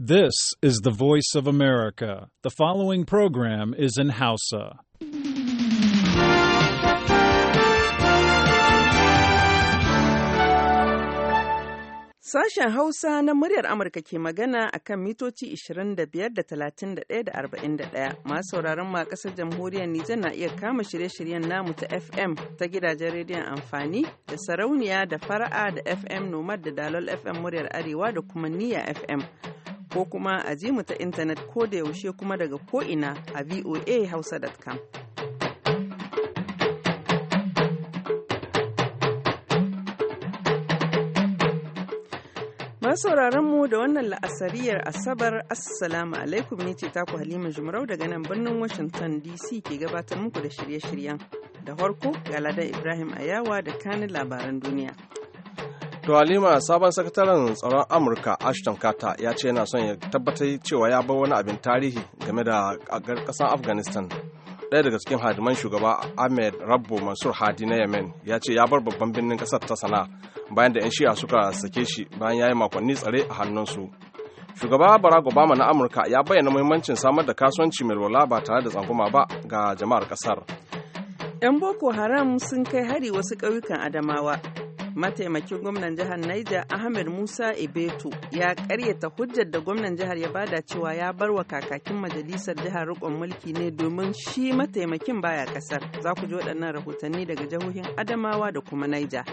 This is the voice of America. The following program is in Hausa. Sashen Hausa na muryar Amurka ke magana a kan mitoci 25 da 31 da 41. Masu sauraron ma kasar jamhuriyar Nijar na iya kama shirye-shiryen namu ta FM ta gidajen rediyon amfani da sarauniya da fara'a da FM Nomad da Dalol FM muryar Arewa da kuma Niyya FM. ko kuma a ji mu ta intanet ko da yaushe kuma daga ko'ina a voahausa.com. sauraron mu da wannan la'asariyar asabar assalamu alaikum ne ce taku halima jumarau daga nan birnin washington dc ke gabatar muku da shirye-shiryen da harko ga ladan ibrahim ayawa da kanin labaran duniya To Halima sabon sakataren tsaron Amurka Ashton Carter ya ce yana son ya tabbatar cewa ya bar wani abin tarihi game da ƙasar Afghanistan. Ɗaya daga cikin hadiman shugaba Ahmed Rabbo Mansur Hadi na Yemen ya ce ya bar babban birnin ƙasar ta sana bayan da 'yan shi'a suka sake shi bayan ya yi makonni tsare a hannunsu. Shugaba Barack Obama na Amurka ya bayyana muhimmancin samar da kasuwanci mai rola ba tare da tsangwama ba ga jama'ar ƙasar. 'Yan Boko Haram sun kai hari wasu ƙauyukan Adamawa. Mataimakin gwamnan jihar Niger Ahmed Musa Ibeto ya karyata hujjar da gwamnan jihar ya bada cewa ya bar wa kakakin majalisar jihar Rukun mulki ne domin shi mataimakin baya kasar. Za ku ji waɗannan rahotanni daga jihohin Adamawa da kuma Niger.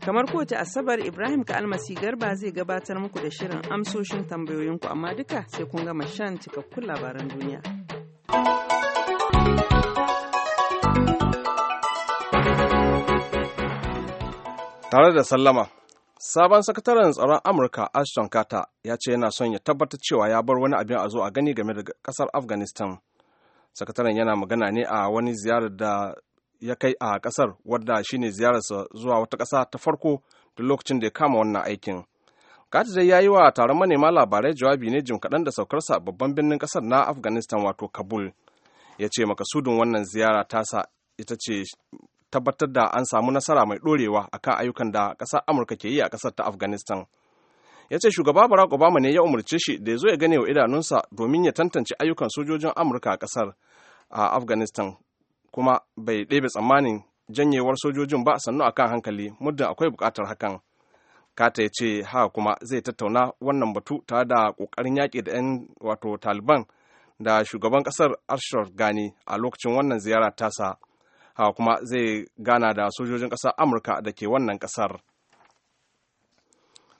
Kamar kowace Asabar Ibrahim ka almasi garba zai gabatar muku da shirin amsoshin tambayoyinku amma duka sai kun gama shan cikakkun labaran duniya. tare da sallama sabon sakataren tsaron amurka ashton Kata ya ce yana son ya tabbatar cewa ya bar wani abin a zo a gani game da kasar afghanistan sakataren yana magana ne a wani ziyarar da ya kai a kasar wadda shine ziyararsa zuwa wata kasa ta farko da lokacin da ya kama wannan aikin Kata dai ya yi wa taron manema labarai jawabi ne jim kaɗan da saukarsa a babban birnin kasar na afghanistan wato kabul ya ce makasudin wannan ziyara tasa ita ce tabbatar da an samu nasara mai ɗorewa akan ayyukan da ƙasar amurka ke yi a ƙasar ta afghanistan ya ce shugaba barack obama ne ya umarce shi da ya zo ya gane wa idanunsa domin ya tantance ayyukan sojojin amurka a ƙasar a afghanistan kuma bai ɗebe tsammanin janyewar sojojin ba sannu akan hankali muddin akwai buƙatar hakan kata ya ce haka kuma zai tattauna wannan batu tare da ƙoƙarin yaƙi da 'yan wato taliban da shugaban ƙasar arshar gani a lokacin wannan ziyara tasa. Akuma kuma zai gana da sojojin ƙasar amurka da ke wannan ƙasar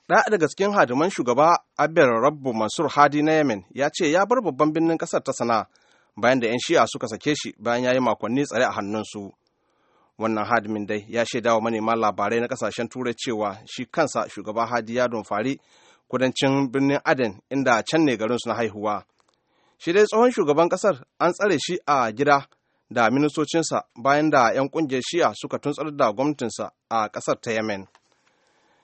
ɗaya daga cikin hadiman shugaba abel rabbu mansur hadi na yemen ya ce ya bar babban birnin ƙasar ta sana bayan da 'yan shi'a suka sake shi bayan ya yi makonni tsare a hannunsu wannan hadimin dai ya shaida wa manema labarai na kasashen turai cewa shi kansa shugaba hadi ya dumfari kudancin birnin aden inda can ne garinsu na haihuwa shi dai tsohon shugaban ƙasar an tsare shi a gida da ministocinsa bayan da 'yan kungiyar shi'a suka tuntsar da gwamnatinsa a ƙasar ta yemen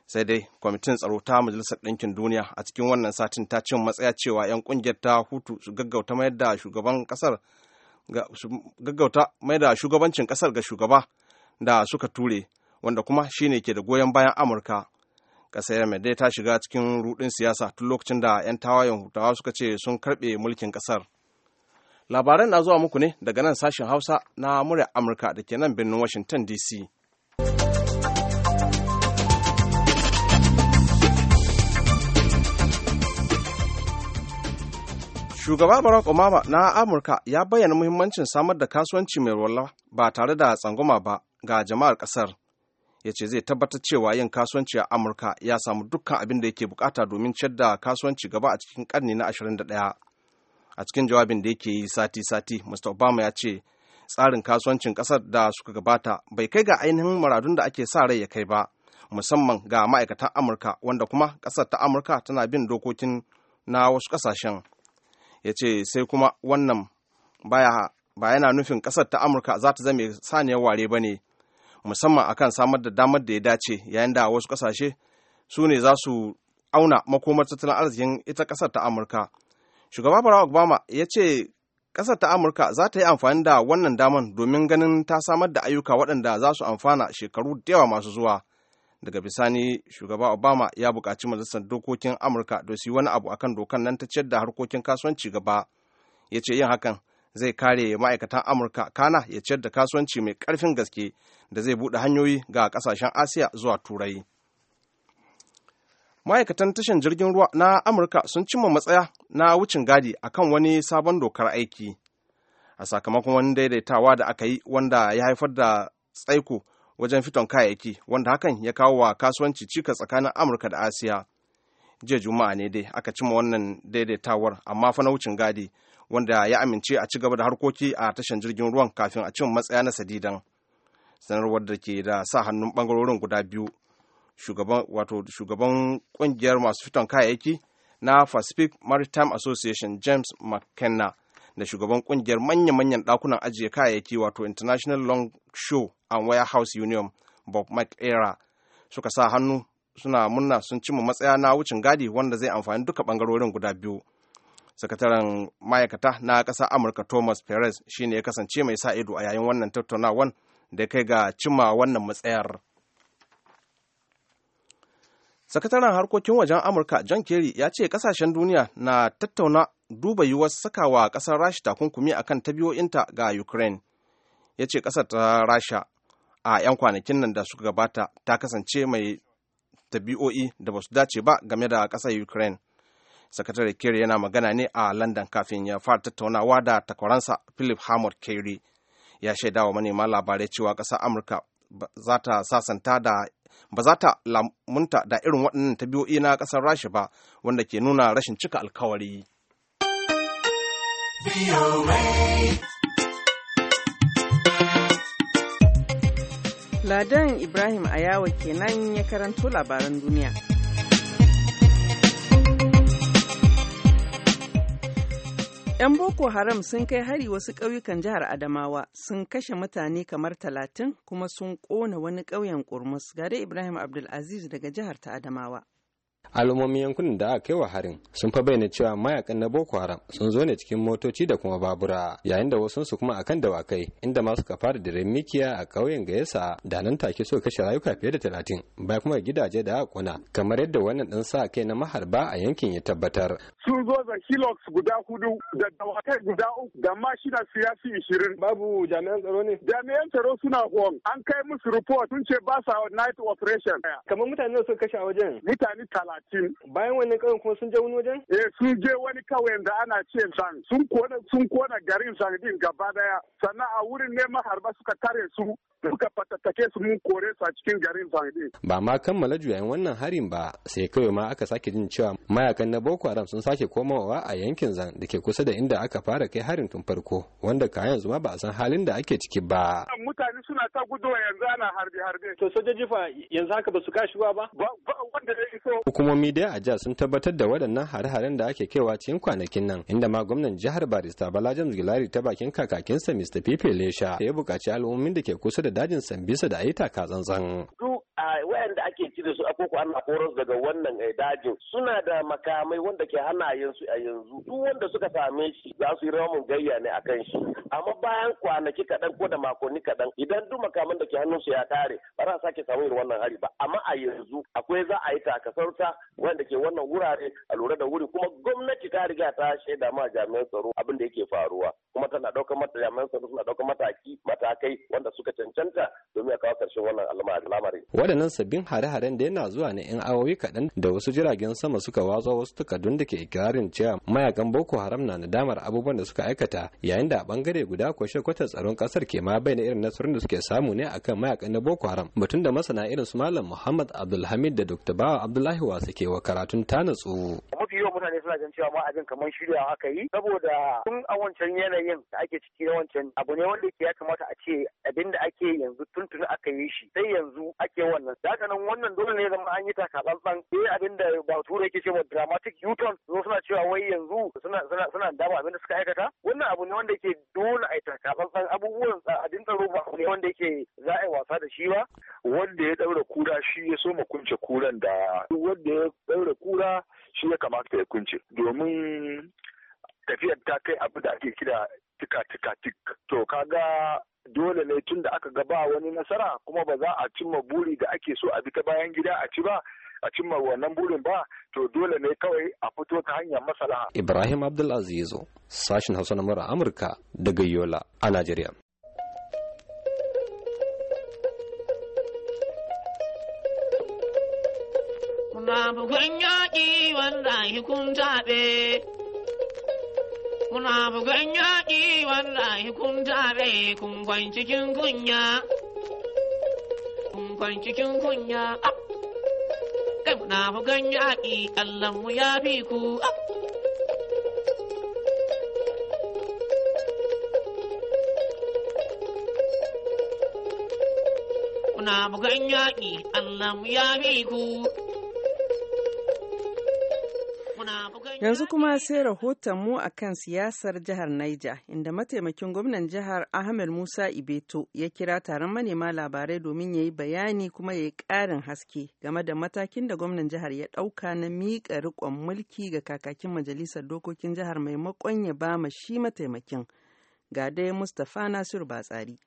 sai dai kwamitin tsaro ta majalisar ɗinkin duniya a cikin wannan satin ta cin matsaya cewa 'yan kungiyar ta hutu su gaggauta mai da shugabancin ƙasar ga shugaba da suka ture wanda kuma shine ke da goyon bayan amurka ƙasar yemen dai ta shiga cikin rudin siyasa tun lokacin da 'yan tawayen hutawa suka ce sun karɓe mulkin ƙasar. labaran na zuwa muku ne daga nan sashen hausa na murya amurka da ke nan birnin washington dc shugaba barack obama na amurka ya bayyana muhimmancin samar da kasuwanci mai walwala ba tare da tsangwama ba ga jama'ar kasar ya ce zai tabbatar cewa yin kasuwanci a amurka ya samu dukkan abin da yake bukata domin ciyar da kasuwanci gaba a cikin karni na 21 a cikin jawabin da yake yi sati-sati mr obama ya ce tsarin kasuwancin kasar da suka gabata bai kai ga ainihin muradun da ake sa rai ya kai ba musamman ga ma'aikatan amurka wanda kuma kasar ta amurka tana bin dokokin na wasu kasashen ya ce sai kuma wannan baya ba yana nufin kasar ta amurka za ta zame saniyar ware ba ne musamman akan samar da damar da ya dace yayin da wasu kasashe su ne za su auna makomar tattalin arzikin ita kasar ta amurka shugaba barack obama ya ce ƙasar ta amurka za ta yi amfani da wannan daman domin ganin ta samar da ayyuka waɗanda za su amfana shekaru da yawa masu zuwa daga bisani shugaba obama ya buƙaci majalisar dokokin amurka da su yi wani abu akan dokan nan ta ciyar da harkokin kasuwanci gaba ya ce yin hakan zai kare ma'aikatan amurka kana ya ciyar da kasuwanci mai ƙarfin gaske da zai buɗe hanyoyi ga ƙasashen asiya zuwa turai ma'aikatan tashan jirgin ruwa na amurka sun cimma matsaya na wucin gadi akan wani sabon dokar aiki a sakamakon wani daidaitawa da aka yi wanda ya haifar da tsaiko wajen fiton kayayyaki wanda hakan ya kawo wa kasuwanci cika tsakanin amurka da asiya jiya juma'a ne dai aka cimma wannan daidaitawar amma fa na wucin gadi wanda ya amince a ci gaba da harkoki a tashan jirgin ruwan kafin a cin matsaya na sadidan sanarwar da ke da sa hannun bangarorin guda biyu shugaban wato shugaban kungiyar masu fiton kayayyaki na Pacific Maritime Association James McKenna da shugaban kungiyar manya-manyan dakunan ajiye kayayyaki wato International Long Show and Warehouse Union Bob McEra suka sa hannu suna munna sun cimma matsaya na wucin gadi wanda zai amfani duka bangarorin guda biyu. Sakataren ma'aikata na ƙasar Amurka Thomas Perez shine ya kasance mai sa ido a yayin wannan tattaunawan da kai ga cimma wannan matsayar. sakataren harkokin wajen amurka john kerry ya ce kasashen duniya na tattauna duba yiwuwar sakawa kasar rasha takunkumi akan tabiyoyinta ga ukraine ya ce kasar ta rasha a 'yan kwanakin nan da suka gabata ta kasance mai tabi'o'i da ba su dace ba game da kasar ukraine sakatare kerry yana magana ne a london kafin ya fara tattaunawa da takwaransa philip hammond kerry ya shaidawa manema labarai cewa ƙasar amurka za ta sasanta da ba za ta lamunta da irin waɗannan tabi'o'i na ƙasar rashi ba wanda ke nuna rashin cika alkawari. Ladan Ibrahim Ayawa kenan ya karanto labaran duniya. 'Yan Boko Haram sun kai hari wasu ƙauyukan jihar Adamawa sun kashe mutane kamar talatin kuma sun ƙona wani ƙauyen ƙurmus. gare Ibrahim Abdulaziz daga jihar ta Adamawa. al'ummomin yankunan da aka kai wa harin sun fa bayyana cewa mayakan na boko haram sun zo ne cikin motoci da kuma babura yayin da wasu su kuma akan dawakai inda ma suka fara da mikiya a ƙauyen yasa da nan take so kashe rayuka fiye da talatin bai kuma gidaje da kuna kamar yadda wannan dan sa kai na maharba a yankin ya tabbatar sun zo da hilox guda hudu da dawakai guda uku da mashina siyasi ishirin babu jami'an tsaro ne jami'an tsaro suna hon an kai musu report sun ce ba sa night operation kamar mutane suka kashe a wajen mutane talatin Martin. Bayan wannan karin kuma sun je wani wajen? Eh sun je wani kawai da ana ce zan sun kona sun kona garin zan din gaba daya sannan a wurin ne harba suka tare su suka fatattake su mun kore su a cikin garin zan din. Ba ma kammala juyayin wannan harin ba sai kawai ma aka sake jin cewa mayakan na Boko Haram sun sake komawa a yankin zan da ke kusa da inda aka fara kai harin tun farko wanda ka yanzu ma ba a san halin da ake ciki ba. Mutane suna ta gudu yanzu ana harbe-harbe. To sojoji fa yanzu haka ba su kashi ba? Ba wanda ya iso. hukumomi dai a jihar sun tabbatar da waɗannan hare-haren da ake kaiwa cikin kwanakin nan inda ma gwamnan jihar barista bala james gilari ta bakin kakakinsa mr pipe lesha ya buƙaci al'ummin da ke kusa da dajin sambisa da ayi taka tsantsan wayanda ake ci da su a koko ana horas daga wannan eh, dajin suna da makamai wanda ke hana yansu a yanzu duk wanda suka same shi za su yi ramin gayya ne a kan shi amma bayan kwanaki kaɗan ko da makonni kaɗan idan duk makaman da ke hannun su ya kare ba za a sake samu irin wannan hari ba amma a yanzu akwai za a yi takasarta wanda ke wannan wurare a lura da wuri kuma gwamnati ta riga ta shaida ma jami'an tsaro abin da yake faruwa kuma tana ɗaukar mata jami'an tsaro suna ɗaukar mataki matakai wanda suka cancanta domin a kawo ƙarshen wannan al'amari. Waɗannan sabbin hare-haren da yana zuwa na 'yan awowi kaɗan da wasu jiragen sama suka watsa wasu takardun da ke ikirarin cewa mayakan boko haram na nadamar abubuwan da suka aikata yayin da a bangare guda kwashe kwatar tsaron kasar ke ma bayyana irin nasarorin da suke samu ne akan mayakan na boko haram batun da masana irin su malam muhammad abdulhamid da dr bawa abdullahi wasa ke wa karatun tana tsohu. mafi mutane suna jin cewa ma abin kamar shirya haka yi saboda tun a wancan yanayin da ake ciki na wancan abu ne wanda ya kamata a ce abin da ake yanzu tuntuni aka yi shi sai yanzu ake wannan da haka nan wannan dole ne zama an yi takatsantsan sai eh, abin da tura yake cewa dramatic u-turn zo suna cewa wai yanzu suna suna suna dama abin da suka aikata wannan abu ne wanda yake dole a yi takatsantsan abubuwan abin tsaro ba ne wanda yake za a yi wasa da shi ba wanda ya daura kura shi ya so ma kunce kuran da wanda ya daura kura shi ya kamata ya kunce domin tafiyar ta kai abu da ake kira tika tika tik to kaga dole ne tun da aka gaba wani nasara kuma ba za a cimma buri da ake so a bi ta bayan gida a ci ba a cimma wannan burin ba to dole ne kawai a fito ta hanyar masalaha. Ibrahim Abdulaziz sashin Hausa na Amurka daga Yola a Najeriya. ga bugan yaƙi wanda hi kun taɓe. Muna bugan yaƙi wanda hi kun taɓe kun kwan cikin kunya. Kun kwan cikin kunya. Kai muna bugan Allah Allahnmu ya fi ku. Muna bugan yaƙi Allahnmu ya fi ku. Yanzu kuma sai rahoton mu akan siyasar jihar Niger, inda mataimakin gwamnan jihar Ahmed Musa Ibeto ya kira taron manema labarai domin ya yi bayani kuma ya yi ƙarin haske game da matakin da gwamnan jihar ya ɗauka na miƙa riƙon mulki ga kakakin majalisar dokokin jihar mai makon ya bama shi mataimakin. Ga dai Mustafa Nasiru Batsari.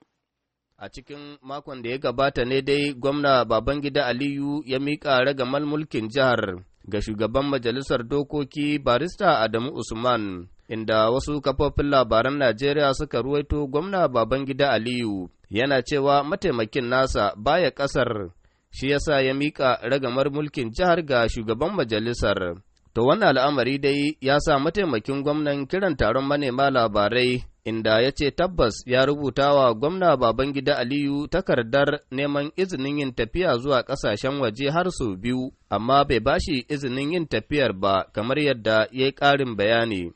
A cikin makon da ya gabata ne dai gwamna Babangida Aliyu ya miƙa ragamal mulkin jihar. ga shugaban majalisar dokoki barista Adamu Usman, inda wasu kafofin labaran Najeriya suka ruwaito gwamna Babangida Aliyu yana cewa mataimakin nasa baya ƙasar, shi yasa ya miƙa ragamar mulkin jihar ga shugaban majalisar. To wannan al'amari dai ya sa mataimakin gwamnan kiran taron manema labarai inda ya ce tabbas ya rubuta wa gwamna Babangida Aliyu takardar neman izinin yin tafiya zuwa kasashen waje har su biyu, amma bai bashi izinin yin tafiyar ba kamar yadda ya yi ƙarin bayani.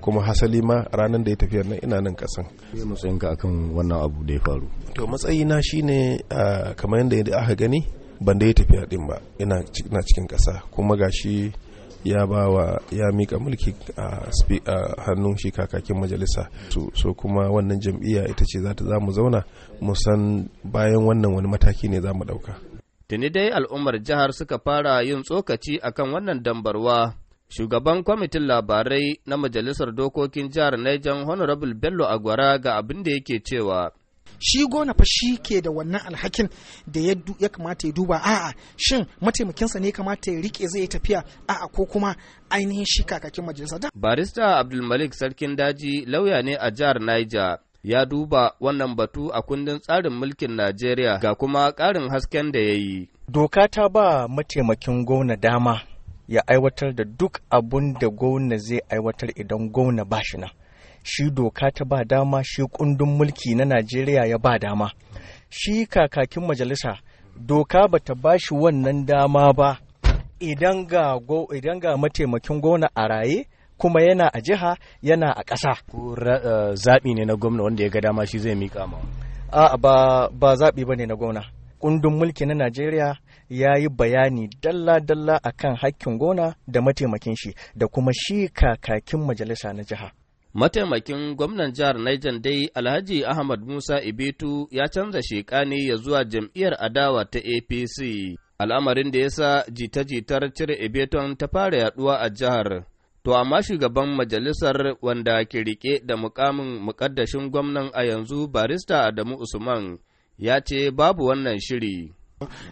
kuma hasali ma ranar da ya tafiyar nan ina nan kasan. matsayinka akan wannan abu da ya faru? To matsayina shine kamar yadda aka gani ban da ya tafiya din ba ina cikin kasa kuma gashi ya ba ya mika mulki a hannun shi kakakin majalisa so kuma wannan jam'iyya ita ce za ta za mu zauna mu san bayan wannan wani mataki ne za mu ɗauka. tuni dai al'ummar jihar suka fara yin tsokaci akan wannan dambarwa shugaban kwamitin labarai na majalisar dokokin jihar Niger honorable bello agwara ga abin da yake cewa shi gona fa shi ke da wannan alhakin da ya kamata ya duba a'a shin mataimakinsa ne kamata ya rike zai tafiya a'a ko kuma ainihin shi kakakin majalisa barista abdulmalik sarkin daji lauya ne a jihar niger ya duba wannan batu a kundin tsarin mulkin najeriya ga kuma ƙarin hasken da ya yi doka ta ba mataimakin gona dama ya aiwatar da duk abun da gona zai aiwatar idan gona ba shi nan shi doka ta ba dama shi kundin mulki na najeriya ya ba dama shi kakakin majalisa doka ba ta ba shi wannan dama ba idan ga mataimakin gona a raye kuma yana a jiha yana a ƙasa. Eh, zaɓi ne na gwamna wanda ya ga dama shi zai miƙa ma. A'a ba zaɓi ba ne na gwamna. Kundin mulki na Najeriya ya yi bayani dalla-dalla akan hakkin gona da mataimakin shi da kuma shi kakakin majalisa na jiha. Mataimakin gwamnan jihar Niger dai Alhaji Ahmad Musa Ibitu ya canza shekani ya zuwa jam'iyyar adawa ta APC, al'amarin da ya sa jita-jitar cire ibeton ta fara yaduwa a jihar. To amma shugaban majalisar wanda ke rike da mukamin mukaddashin gwamnan a yanzu barista Adamu Usman ya ce babu wannan shiri.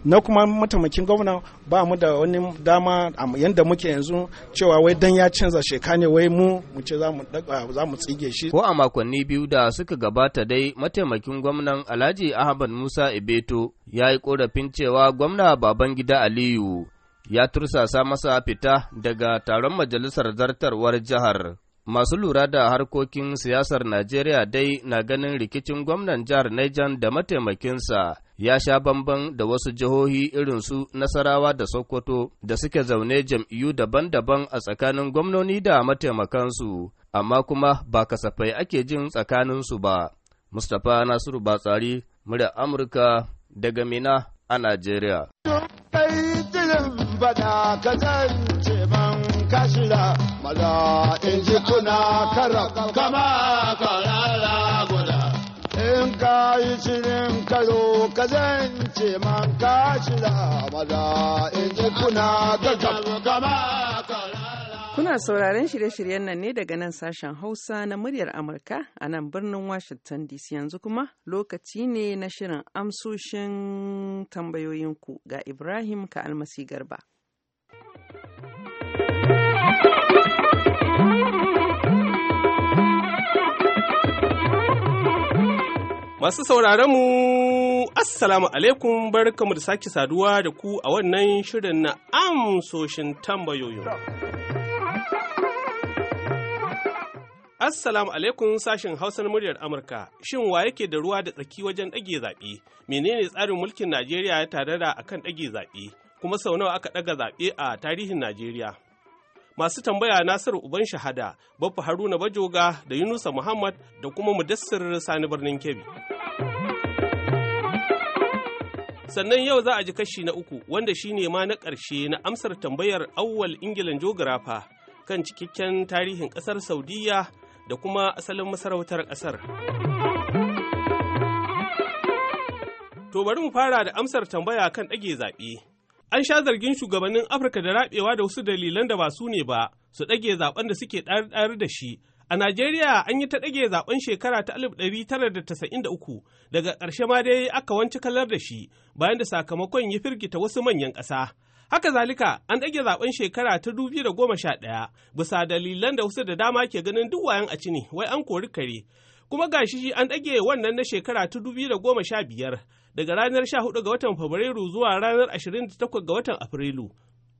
na kuma mataimakin gwamna ba mu da wani dama yadda muke yanzu cewa wai dan ya canza sheka ne wai mu mu ce za mu tsige shi ko a makonni biyu da suka gabata dai mataimakin gwamnan Alhaji Ahmad Musa Ebeto ya yi korafin cewa gwamna Babangida Aliyu ya tursasa masa fita daga taron majalisar zartarwar jihar Masu lura da harkokin siyasar Najeriya dai na ganin rikicin gwamnan jihar Niger da mataimakinsa ya sha bamban da wasu jihohi irin su Nasarawa da Sokoto da suke zaune jam'iyyu daban-daban a tsakanin gwamnoni da mataimakansu, amma kuma ba kasafai ake jin tsakaninsu ba. Mustapha Nasiru Batsari, murya Amurka daga Mina a Najeriya. shira maza in ji kuna kara kama karara guda in ka yi shirin karo ka zance man ka shira maza in ji kuna kama Kuna sauraron shirye-shiryen nan ne daga nan sashen Hausa na muryar Amurka a nan birnin Washington DC yanzu kuma lokaci ne na shirin amsoshin tambayoyinku ga Ibrahim ka almasi garba. Masu sauraron mu Assalamu alaikum barkamu da sake saduwa da ku a wannan shirin na amsoshin tambayoyin. Assalamu alaikum sashen Hausar muryar Amurka. Shin wa yake da ruwa da tsaki wajen ɗage zaɓe? Menene tsarin mulkin Najeriya ya tare da akan ɗage zaɓe? Kuma sau nawa aka ɗaga zaɓe a tarihin Najeriya? masu tambaya nasiru uban shahada bafa haruna bajoga da yunusa muhammad da kuma mudassir sani birnin kebbi sannan yau za a ji kashi na uku wanda shine ma na ƙarshe na amsar tambayar awwal ingilan jogarafa kan cikakken tarihin ƙasar Saudiyya da kuma asalin masarautar ƙasar to bari mu fara da amsar tambaya kan ɗage zaɓe An sha zargin shugabannin Afirka da Rabewa da wasu dalilan da ba su ne ba su ɗage zaben da suke ɗari da shi. A Najeriya an yi ta ɗage zaben shekara ta alif tara da da uku. daga ƙarshe ma dai aka wanci kalar da shi bayan da sakamakon ya firgita wasu manyan ƙasa. Haka zalika an ɗage zaben shekara ta sha ɗaya. bisa dalilan da wasu da dama ke ganin duk wayan a cini wai an kori kare. Kuma gashi an ɗage wannan na shekara ta biyar. daga ranar 14 ga watan Fabrairu zuwa ranar 28 ga watan Afrilu.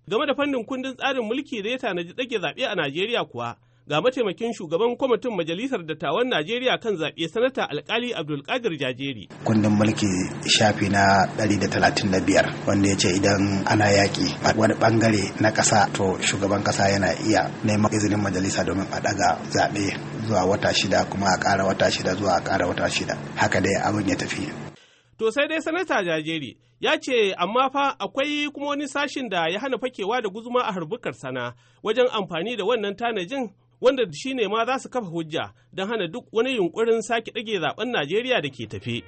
Game da fannin kundin tsarin mulki da ya tanaji ɗage zaɓe a Najeriya kuwa, ga mataimakin shugaban kwamitin majalisar dattawan Najeriya kan zaɓe sanata alkali Abdulkadir Jajeri. Kundin mulki shafi na biyar, wanda ya ce idan ana yaƙi a wani bangare na ƙasa to shugaban ƙasa yana iya neman izinin majalisa domin a ɗaga zaɓe zuwa wata shida kuma a ƙara wata shida zuwa a ƙara wata shida haka dai abin ya tafi To sai dai sanata jajeri ya ce amma fa akwai kuma wani sashin da ya hana fakewa da guzuma a harbukar sana wajen amfani da wannan tanajin wanda shi ne ma za su kafa hujja don hana duk wani yunkurin sake ɗage zaben Najeriya da ke tafe.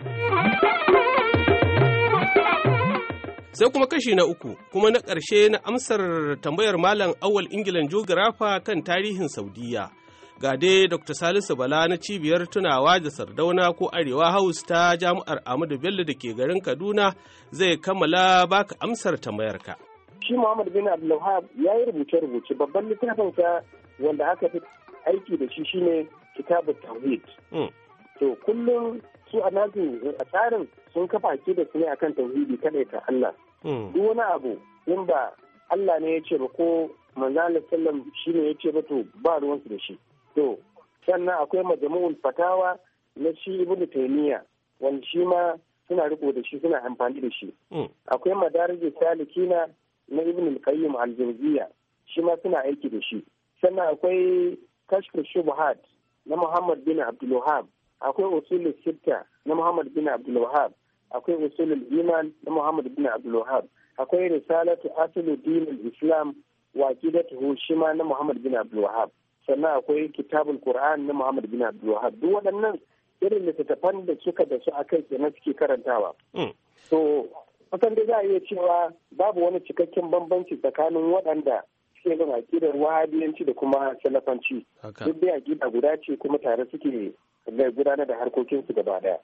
Sai kuma kashi na uku kuma na ƙarshe na amsar tambayar Malam Awal Ingilan Jogirafa kan tarihin Saudiyya. ga dai dr salisu bala na cibiyar tunawa da sardauna ko arewa house ta jami'ar amadu bello da ke garin kaduna zai kammala baka amsar tambayarka shi muhammad bin abdulwahab ya yi rubuce-rubuce babban littafinsa wanda aka fi aiki da shi shine kitabu tawhid hmm. to kullum su a nazi a tsarin sun kafa ke da su ne akan tauhidi kadai ta allah hmm. duk wani abu in ba allah ne ya ce ba ko manzo sallam sallam shine ya ce ba to ba ruwansu da shi to sannan akwai majamu'ul fatawa na shi ibnu taymiya wanda shi ma suna riko da shi suna amfani da shi hmm. akwai madarij salikina na ibn al-qayyim shi ma suna aiki da shi sannan akwai kashf shubhat na muhammad bin abdul wahhab akwai usul sitta na muhammad bin abdul wahhab akwai usul iman na muhammad bin abdul wahhab akwai risalatu aslu al-islam wa da shi ma na muhammad bin abdul wahhab sannan akwai kitabul qur'an na muhammad bin abdulwahab duk waɗannan irin littattafan da suka da su akai kenan suke karantawa to hmm. kusan da za a iya cewa babu wani cikakken bambanci tsakanin waɗanda suke bin akidar wahabiyanci da kuma salafanci duk dai akida guda ce kuma tare suke gudanar da harkokinsu gaba daya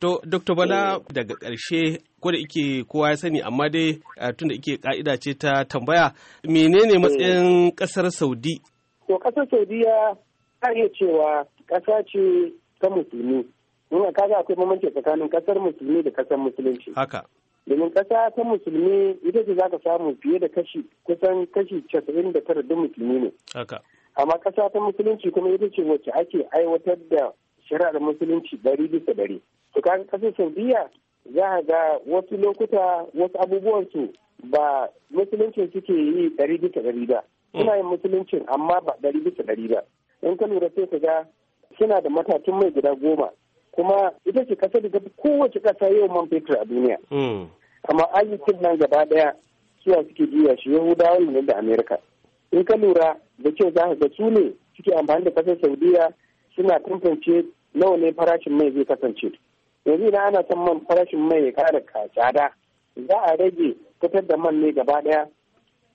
To, Dr. Bala daga ƙarshe ko da ike kowa ya sani amma dai tunda da ike ƙa'ida ce ta tambaya menene matsayin eh. ƙasar Saudi to ƙasar saudiya ta iya cewa ƙasa ce ta musulmi nuna kaga akwai bambanci tsakanin ƙasar musulmi da ƙasar musulunci haka domin ƙasa ta musulmi ita ce zaka samu fiye da kashi kusan kashi casa'in da tara duk musulmi ne haka amma ƙasa ta musulunci kuma ita ce wacce ake aiwatar da shari'ar musulunci dari bisa dari to ƙasar saudiya za a ga wasu lokuta wasu abubuwan su ba musulunci suke yi dari bisa dari da suna hmm. yin musuluncin amma ba ɗari bisa ɗari ba in ka lura sai ka ga suna da matakin mai guda goma kuma ita ce ƙasar da tafi kowace ƙasa yau man fetur a duniya hmm. amma ayyukan nan gaba ɗaya suna suke juya shi yahudawa ne da amerika in ka lura da kyau za ka ga su ne suke amfani da ƙasar saudiya suna tantance nawa ne farashin mai zai kasance yanzu idan ana san man farashin mai ya kara tsada za a rage fitar da man ne gaba ɗaya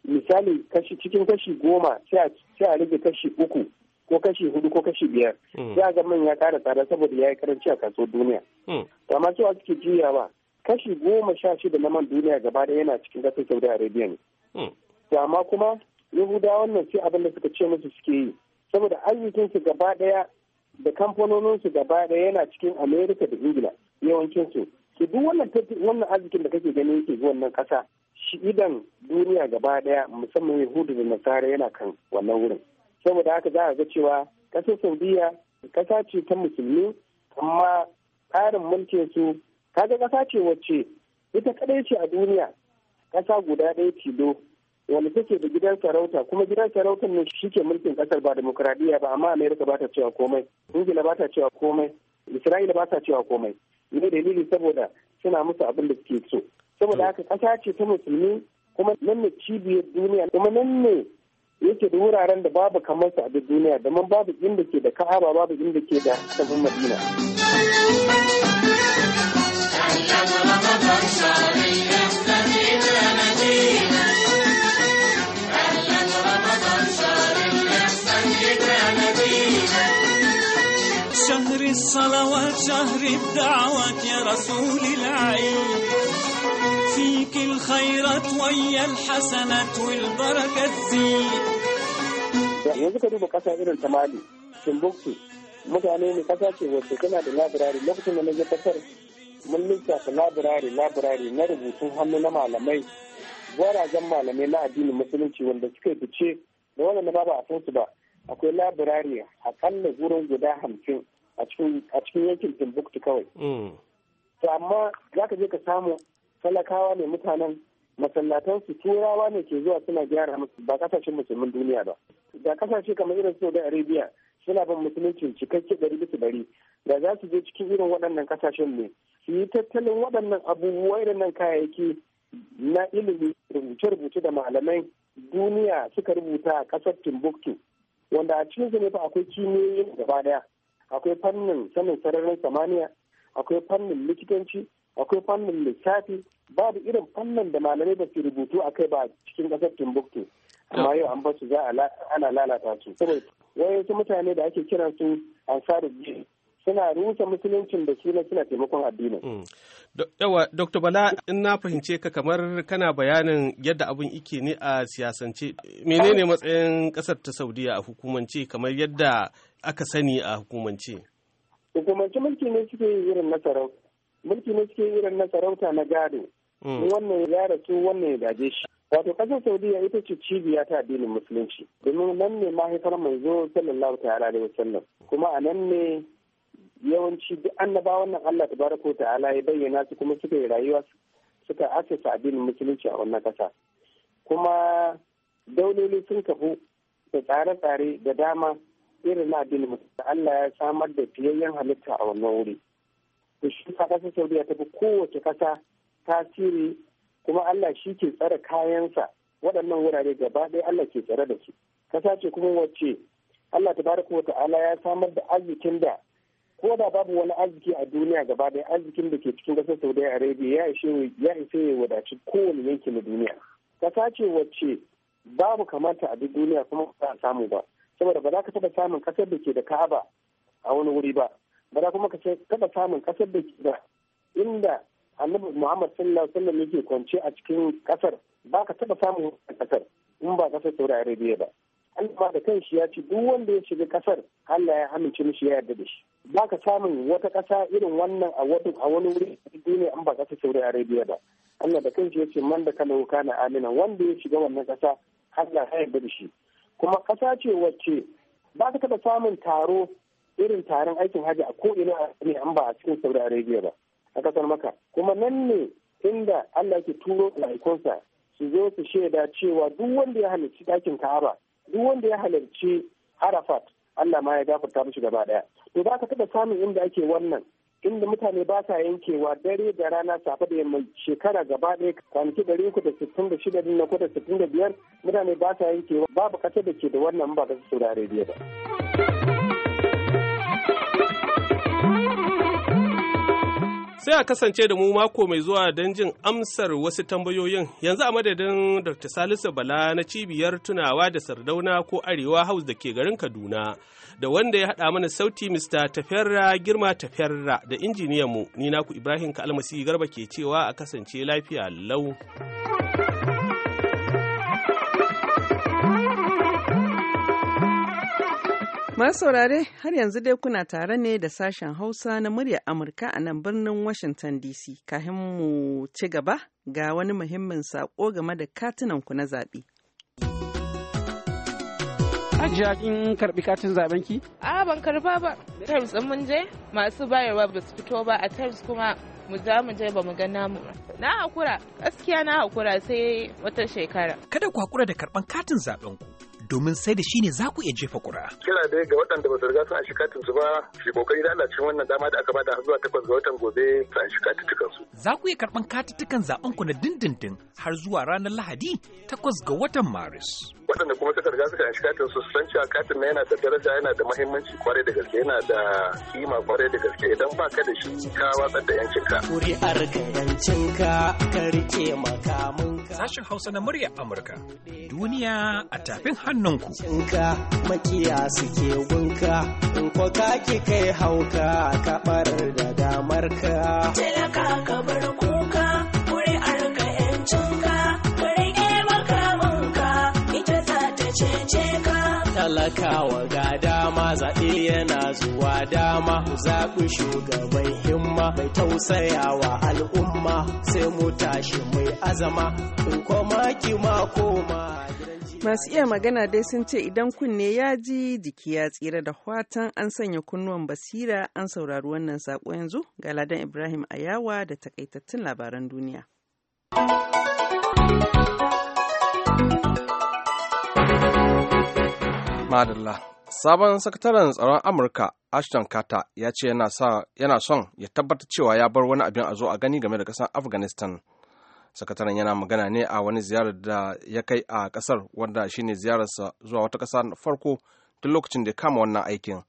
misali kashi cikin kashi goma sai a rage kashi uku ko kashi hudu ko kashi biyar hmm. sai ga man ya kara tsada saboda ya yi karanci a kasuwar duniya hmm. to amma cewa suke juyawa kashi goma sha shida na man duniya gaba da yana cikin kasar saudi arabia ne hmm. to amma kuma yahudawan wannan sai abin da suka ce musu suke yi saboda arzikinsu gaba daya da kamfanoninsu gaba daya yana cikin america da ingila yawancinsu to duk wannan arzikin da kake ganin yake zuwa nan kasa shi duniya gaba daya musamman yahudu da nasara yana kan wannan wurin saboda haka za a ga cewa kasar saudiya kasa ce ta musulmi amma tsarin mulkin su kaga kasa ce wacce ita kadai ce a duniya kasa guda daya tilo wanda take da gidan sarauta kuma gidan sarautar ne shi mulkin kasar ba demokradiya ba amma amerika ba ta cewa komai ingila ba ta cewa komai isra'ila ba ta cewa komai ne dalili saboda suna musu abin da suke so saboda haka kasa ce ta musulmi kuma nan ne cibiyar duniya kuma nan ne yake da wuraren da babu kamar su a duk duniya domin babu inda ke da ka'aba babu inda ke da sabon madina شهر الصلوات شهر الدعوات يا رسول العين فيك الخيرات ويا الحسنات والبركة تزيد yanzu ka duba kasa irin ta mali timbuktu mutane ne kasa ce wacce tana da labirari lokacin da na je kasar mun lissafa labirari labirari na rubutun hannu na malamai gwarajen malamai na addinin musulunci wanda suka fice da na ba a ba akwai labirari kalla gurin guda hamsin a cikin yankin timbuktu kawai mm. to amma za ka je ka samu talakawa ne mutanen masallatan su turawa ne ke zuwa suna gyara musu ba kasashen musulmin duniya ba da kasashe kamar irin saudi arabia suna bin musulunci cikakke ɗari bisa ɗari da za su je cikin irin waɗannan kasashen ne su yi tattalin waɗannan abubuwa nan kayayyaki na ilimi rubuce-rubuce da malamai duniya suka rubuta a ƙasar timbuktu wanda a cikin ne fa akwai kimiyoyin gaba daya akwai fannin sanin sararin samaniya akwai fannin likitanci akwai fannin lissafi babu irin fannin da malamai ba su rubutu a kai ba cikin ƙasar timbuktu amma yau an basu za ana lalata su saboda wayansu mutane da ake kiran su ansaru suna rusa musuluncin da suna suna taimakon addinin. Hmm. Yawa, Dr. Bala, in na fahimce ka kamar kana bayanin yadda abin ike ne a siyasance. Menene matsayin kasar ta Saudiya a hukumance kamar yadda aka sani a hukumance? Hukumance mulki ne suke yi irin na sarauta mulki ne suke irin na sarauta na gado mm. wannan ya rasu wannan ya gaje shi wato kasar saudiya ita ce cibiya ta addinin musulunci domin nan ne mahaifar manzo sallallahu ta'ala alaihi wasallam kuma a nan ne yawanci duk annabawan nan Allah tabaraka ta'ala ya bayyana su kuma suka yi rayuwa suka asasa addinin musulunci a wannan kasa kuma dauloli sun kafu da tsare-tsare da dama irin na addinin musulunci Allah ya samar da fiyayyen halitta a wannan wuri da shi sa kasar saudiya ta fi kowace kasa tasiri kuma allah shi ke tsare kayansa waɗannan wurare gaba ɗaya allah ke tsare da su kasa ce kuma wacce allah ta baraka wa ta'ala ya samar da arzikin da ko da babu wani arziki a duniya gaba ɗaya arzikin da ke cikin kasar saudi arabia ya ishe ya ya wadaci kowane yanki na duniya kasa ce wacce babu kamata a duk duniya kuma ba a samu ba saboda ba za ka taɓa samun kasar da ke da ka'aba a wani wuri ba bara kuma ka ce kada samun kasar da ke da inda annabi muhammad sallallahu alaihi wasallam yake kwance a cikin kasar ba ka taba samun kasar in ba kasar saudi arabia ba Allah da kanshi ya ce duk wanda ya shiga kasar Allah ya amince mishi ya yarda da shi ba ka samun wata kasa irin wannan a wani a wani wuri duniya in ba kasar saudi arabia ba Allah da kanshi ya ce man da kana kana amina wanda ya shiga wannan kasa Allah ya yarda da shi kuma kasa ce wacce ba ka taba samun taro irin taron aikin hajji a ko'ina a ne an ba a cikin saudi arabia ba a kasar maka kuma nan ne inda allah ke turo mala'ikunsa su zo su shaida cewa duk wanda ya halarci ɗakin ka'aba duk wanda ya halarci arafat allah ma ya gafarta mishi gaba daya to ba ka taba samun inda ake wannan inda mutane ba sa yankewa dare da rana safe da yamma shekara gaba ɗaya kwanaki dari uku da sittin da shida da ko da sittin da biyar mutane ba sa yankewa babu ƙasar da ke da wannan ba ka saudi arabia ba. sai a kasance da mu mako mai zuwa don jin amsar wasu tambayoyin yanzu a madadin dr salisu bala na cibiyar tunawa da sardauna ko arewa house da ke garin kaduna da wanda ya haɗa mana sauti mr tafiyarra girma tafiyarra da injiniyanmu ni naku ibrahim kalmasi garba ke cewa a kasance lafiya lau Masu saurare har yanzu dai kuna tare ne da sashen Hausa na murya Amurka a nan birnin Washington DC. Kahin mu ci gaba ga wani muhimmin sako game da katinanku na zaɓe. Hajiya kin karbi katin zaben ki? A ban karba ba. Terms din mun je masu bayarwa ba su fito ba a terms kuma mu za mu je ba mu ga namu ba. Na hakura, gaskiya na hakura sai wata shekara. Kada ku hakura da karban katin zaben ku. domin sai da shi ne za ku iya jefa kura. Kira dai ga waɗanda ba su riga sun anshi katin su ba shi kokari da wannan dama da aka bada zuwa takwas ga watan gobe su anshi katitukan su. Za ku iya karɓan katitikan zaɓen ku na dindindin har zuwa ranar Lahadi takwas ga watan Maris. Waɗanda kuma suka riga suka anshi katin su san cewa katin na yana da daraja yana da mahimmanci kwarai da gaske yana da kima kwarai da gaske idan ba ka da shi ka watsar da yancinka. Kuri'ar ga yancinka ka rike makamunka. Sashen Hausa na murya Amurka. Duniya a tafin hannu. hannunku. Cinka makiya suke gunka, in ko ka ki kai hauka ka barar da damar ka. Talaka ka bar kuka, wuri arka yancinka, wuri ke makamanka, ita za ta cece ka. Talakawa ga dama zaɓe yana zuwa dama, zaɓi shugaban himma mai tausayawa al'umma sai mu tashi mai azama, in koma ki ma koma. Masu iya magana dai sun ce idan kunne ya ji jiki ya tsira da watan an sanya kunnuwan basira an saurari wannan saƙo yanzu ga Ladan Ibrahim Ayawa da takaitattun labaran duniya. Madalla. Sabon sakataren tsaron Amurka Ashton Carter ya ce yana son ya tabbatar cewa ya bar wani abin a zo a gani game da ƙasar Afghanistan. sakataren yana magana ne a wani ziyarar da ya kai a kasar wanda shine ziyararsa zuwa wata kasa na farko tun lokacin da ya kama wannan aikin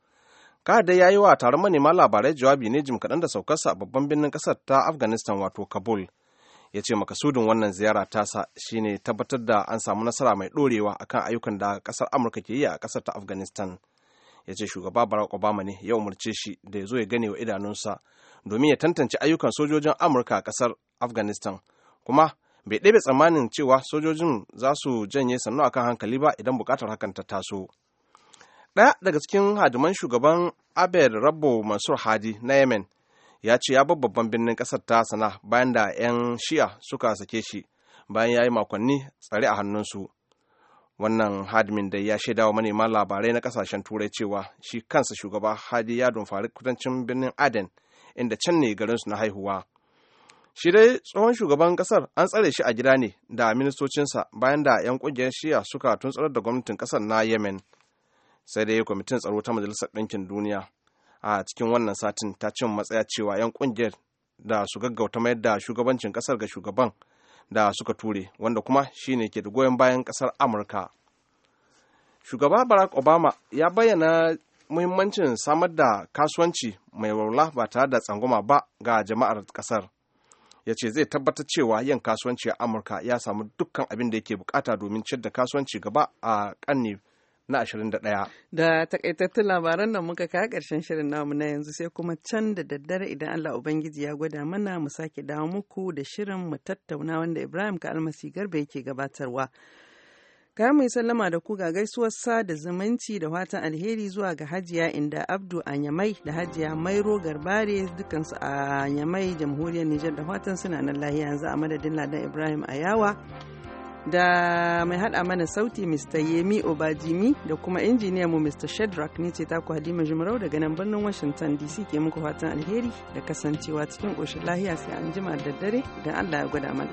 kada ya yi wa taron manema labarai jawabi ne jim kaɗan da saukarsa a babban birnin ƙasar ta afghanistan wato kabul ya ce makasudin wannan ziyara tasa shine tabbatar da an samu nasara mai ɗorewa akan ayyukan da kasar amurka ke yi a kasar ta afghanistan ya ce shugaba barack obama ne ya umarce shi da ya zo ya gane wa idanunsa domin ya tantance ayyukan sojojin amurka a ƙasar afghanistan kuma bai ɗebe tsammanin cewa sojojin za su janye sannu akan hankali ba idan buƙatar hakan ta taso ɗaya daga cikin hadiman shugaban Abel rabbo mansur hadi na yemen ya ce ya bar babban birnin ƙasar ta sana bayan da 'yan shi'a suka sake shi bayan ya yi makonni tsare a hannunsu wannan hadimin da ya shaida wa manema labarai na kasashen turai cewa shi kansa shugaba hadi ya dumfari kudancin birnin aden inda can ne garinsu na haihuwa shi dai tsohon shugaban kasar an tsare shi a gida ne da ministocinsa bayan da 'yan kungiyar shiya suka tuntsar da gwamnatin kasar na yemen sai dai kwamitin tsaro ta majalisar ɗinkin duniya a cikin wannan satin ta cin matsaya cewa 'yan kungiyar da su gaggauta mayar da shugabancin kasar ga shugaban da suka ture wanda kuma shine ke da goyon bayan kasar amurka shugaba barack obama ya bayyana muhimmancin samar da kasuwanci mai waula ba tare da tsangwama ba ga jama'ar kasar ya ce zai tabbatar cewa yin kasuwanci a amurka ya samu dukkan abin da yake bukata domin ciyar da kasuwanci gaba a kanni na 21. Da takaitattun labaran nan muka kawo karshen shirin namu na yanzu sai kuma can da daddare idan Allah Ubangiji ya gwada mana mu sake dawo muku da shirin mu tattauna wanda Ibrahim ka almasi garba yake gabatarwa. Ka mai sallama da ku ga gaisuwar sa da zumunci da watan alheri zuwa ga Hajiya Inda Abdu Anyamai da Hajiya Mairo Garbare dukansu a Anyamai jamhuriyar Nijar da watan suna nan lahiya yanzu a madadin Ladan Ibrahim Ayawa. da mai hada mana sauti Mr. Yemi Obajimi da kuma injiniya mu Mr. shadrack ne ce taku Halima Jumarau daga nan birnin Washington DC ke muku watan alheri da kasancewa cikin ƙoshin lahiya sai an jima da dare idan Allah ya gwada mana.